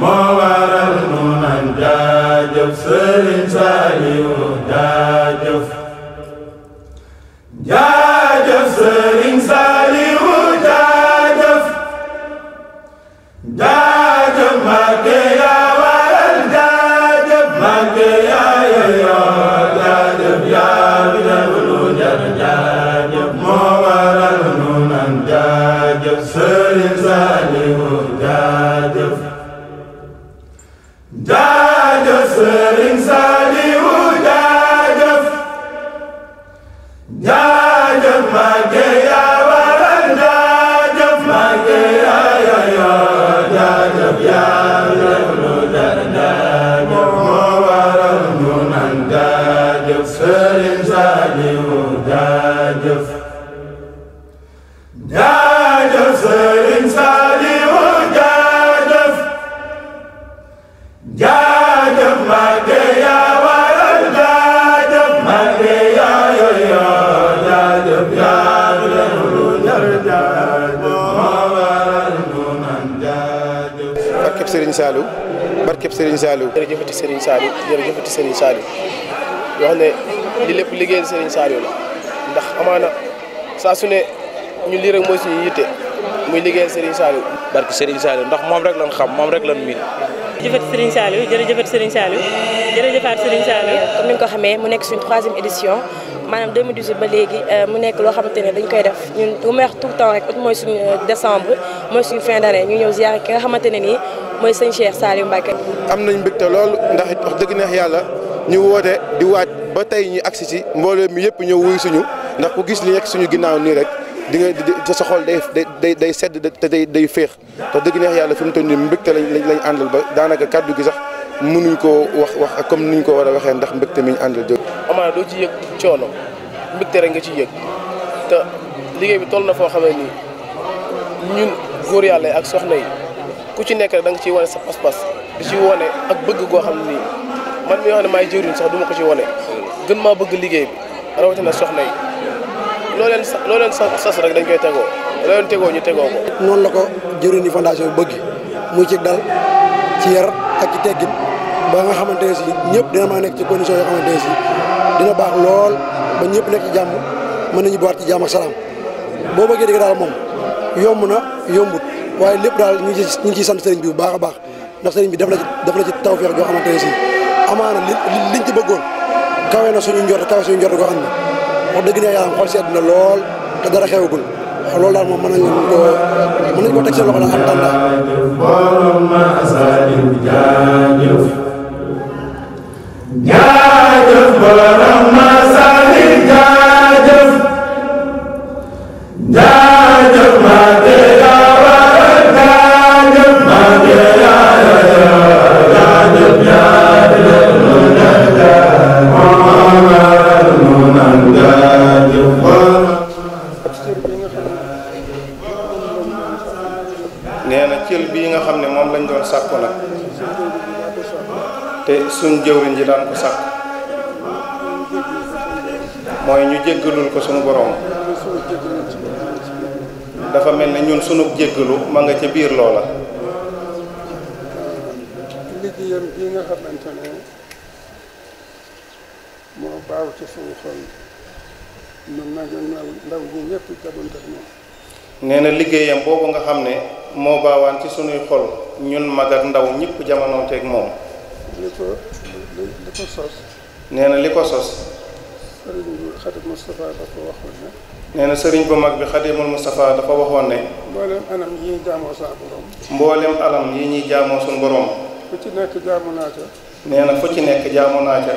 moo waral nu man jaajëf Sëriñ Saliou jaajëf sëriñ Saliou jaajëf jaajëf sëriñ Saliou barkeb Serigne Saliou barkeb Serigne Saliou. jërëjëfati Serigne Saliou jërëjëfati Serigne Saliou yoo xam ne li lépp liggéeyal Serigne Saliou la ndax amaana saa su ne ñu lii rek mooy suñu yitte muy liggéeyal Serigne Saliou. barke Serigne Saliou ndax moom rek lañ xam moom rek lan miin. jërëjëfat Serigne Saliou jërëjëfat Serigne Saliou jërëjëfaat Serigne Saliou comme ni nga ko xamee mu nekk suñu troisième édition maanaam 2018 ba léegi euh, mu nekk loo xamante ne dañ koy def ñun lu may wax tout temps rek mooy suñu euh, décembre mooy suñu fin d'année ñu ñëw ziar ki nga xamante ne nii mooy sëñ Cheikh Saliou Mbacké am nañ mbégte lool ndax wax dëgg neex yàlla ñu woote di waaj ba tey ñu agsi si mbooloo mi yëpp ñëw wuy suñu ndax ku gis ni nekk suñu ginnaaw nii rek di nga di sa xol day day day sedd te day day féex te dëgg neex yàlla fi mu toll nii mbégte lañ lañ àndal ba daanaka kàddu gi sax mënuñ koo wax wax ak comme niñ ko war a waxee ndax mbégte mi ñu àndal jóg. amaana doo ci yëg coono mbégte rek nga ci yëg te liggéey bi toll na foo xamee ni ñun góor yàlla yi ak soxna yi ku ci nekk rek da nga ciy wane sa pas-pas di ci wane ak bëgg goo xam nii man mi nga xam ne maay jëriñ sax du ma ko ci wane gën maa bëgg liggéey bi rawatina soxna loo leen sa loo leen sas rek dañ koy tegoo loo leen tegoo ñu tegoo ko. noonu la ko jëriñu fondation bi bëgg muy ci dal ci yar ak ci teggin ba nga xamante ne si ñëpp dina maa nekk ci condition yoo xamante ne si dina baax lool ba ñëpp nekk ci jàmm mën nañu bowaat ci jàmm ak salaam boo bëggee dëgg daal moom yomb na yombut waaye lépp daal ñu ngi ci ñu ciy sant sëriñ bi bu baax a baax ndax sëriñ bi daf la ci daf la ci tawfeex joo xamante ne si amaana li liñ ci bëggoon kawe na suñu njort kawe suñu njort goo xam ne wax dëgg ne yàlla xool sedd na lool te dara xewagul loolu daal moom mën nañu ko mën nañu ko teg seen loxo daal en tant que. jaajëf. suñ jëwriñ ji daan ko sàkk mooy ñu jéggalul ko suñu borom dafa mel ne ñun suñu jéggalu ma nga ca biir loola liggéeyam bii liggéeyam boobu nga xam ne moo baawaan ci suñuy xol ñun mag ndaw ñëpp jamonoonteeg moom li ko li ko sos. nee na li ko sos. sëriñ bi Xadim Moustapha dafa waxoon ne. nee na sëriñ bu mag bi Xadimul Moustapha dafa waxoon ne. mboolem anam yi ñuy jaamoo sa borom. mboolem yi ñuy jaamoo suñu borom. fu ci nekk jaamu naa ca. nee na fu ci nekk jaamu naa ca.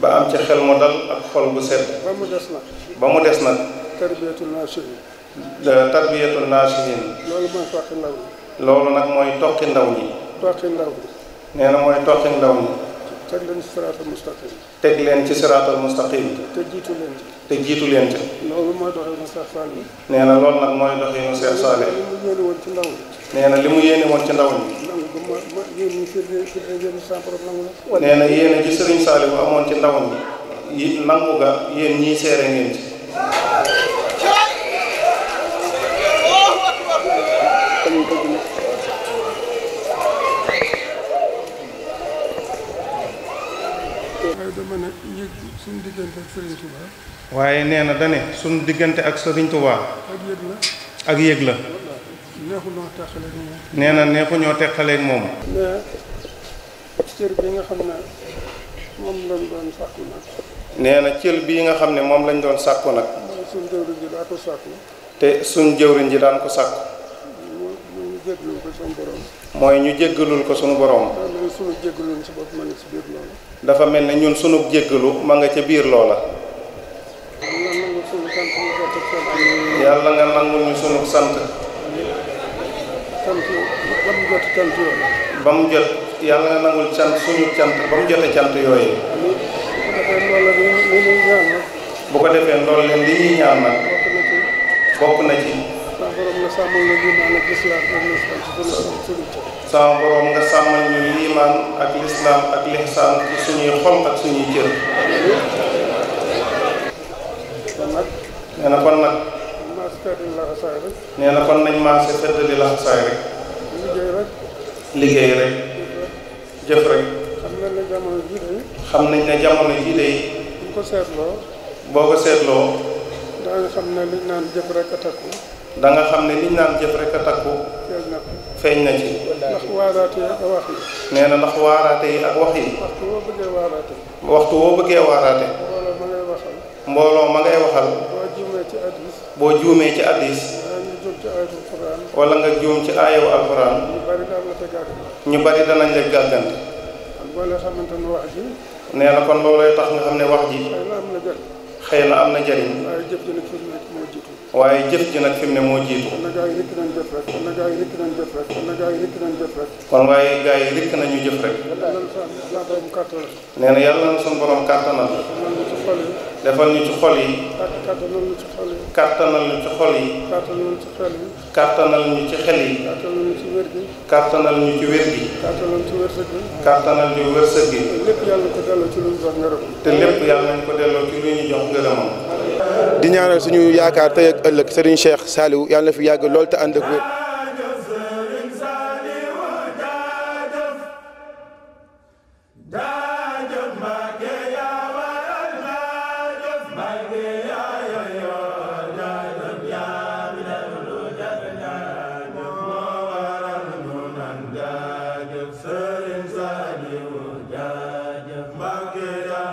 ba am ci xel mu dal ak xol bu set. ba mu des nag. ba mu des nag. tarbiyatul naasihin. tarbiyatul naasihin. loolu mooy toqi ndaw ñi. loolu nag mooy toqi ndaw ñi. toqi ndaw nee na mooy toqi ndaw ñi. teg leen ci siraatal mustaqim. teg leen te jiitu leen ci. te jiitu leen ci. loolu mooy doxinu Cheikh Saliou. nee na loolu nag mooy doxinu li mu yéene ci ndaw ñi. nee na li mu yéene ci ndaw ñi. nee na yéene ci Serigne Saliou amoon ci ndaw ñi. yi nangu ga yéen ñii seere ngeen ci. yëg waaye nee na dane suñu diggante ak soriñ Touba. ak yëg la ak yëg la. moom. nee na neexu ñoo teqaleeg moom. mais cër bi nga xam nee na cër bii nga xam ne moom lañ doon sàkku nag. suñ jëwriñ te suñ jëwriñ ji daan ko sàkku. mu mooy ñu jéggalul ko sunu boroom. dafa mel ne ñun sunu jéggalu ma nga ca biir loola. yàlla nga nangul ñu sunu sant. ba mu jot yàlla nga nangul cant suñu cant ba mu jote cant yooyu. bu ko defee loolu leen li ñuy ñaan nag. bokk na ci. sàmmal na liimaan ak ak lixsaan suñu sama borom nga sàmmal ñu liimaan ak lislaam ak lixsaan ci suñuy xol ak suñuy cër. kon nag. nee na kon nag. nañ maase fedd di laxasaay rek. liggéey rek. jëf rek. xam nañ ne jamono jii de. xam ko seetloo. boo ko seetloo. daañu xam ne liñ naan jëf rek a takku. da nga xam ne liñ naan jëf rek a takku feeñ na ci ndax nee na ndax waaraate yi ak wax yi waxtu woo bëggee waaraate waxtu woo bëggee waaraate mbooloo ma ngay waxal boo juumee ci addis wala nga juum ci wa alxuraan ñu bari danañ la gàggante nee na kon loolooy tax nga xam ne wax ji xëy na am na njariñ waaye jëf ji nag fi ne moo jiitu. kon gaa yi rikk nañu jëf rek. kon waaye gaa yi rikk nañu jëf rek. nee na yàlla na suñu boroom kàttanal. defal ñu ci xol yi. kàttanal ñu ci xol yi. kàttanal ñu ci xol ñu ci xel yi. kàttanal ñu ci xel yi. wér gi. kàttanal ñu ci wér gi. kàttanal ñu ci wërsëg gi. te lépp yàlla nañ ko delloo ci lu ñu jox ngërëm. di ñaanal suñu yaakaar tey ak ëllëg Serigne Cheikh Saliou yàlla na fi yàgg lool te ànd ak wér. Sëriñ Saliou jaajëf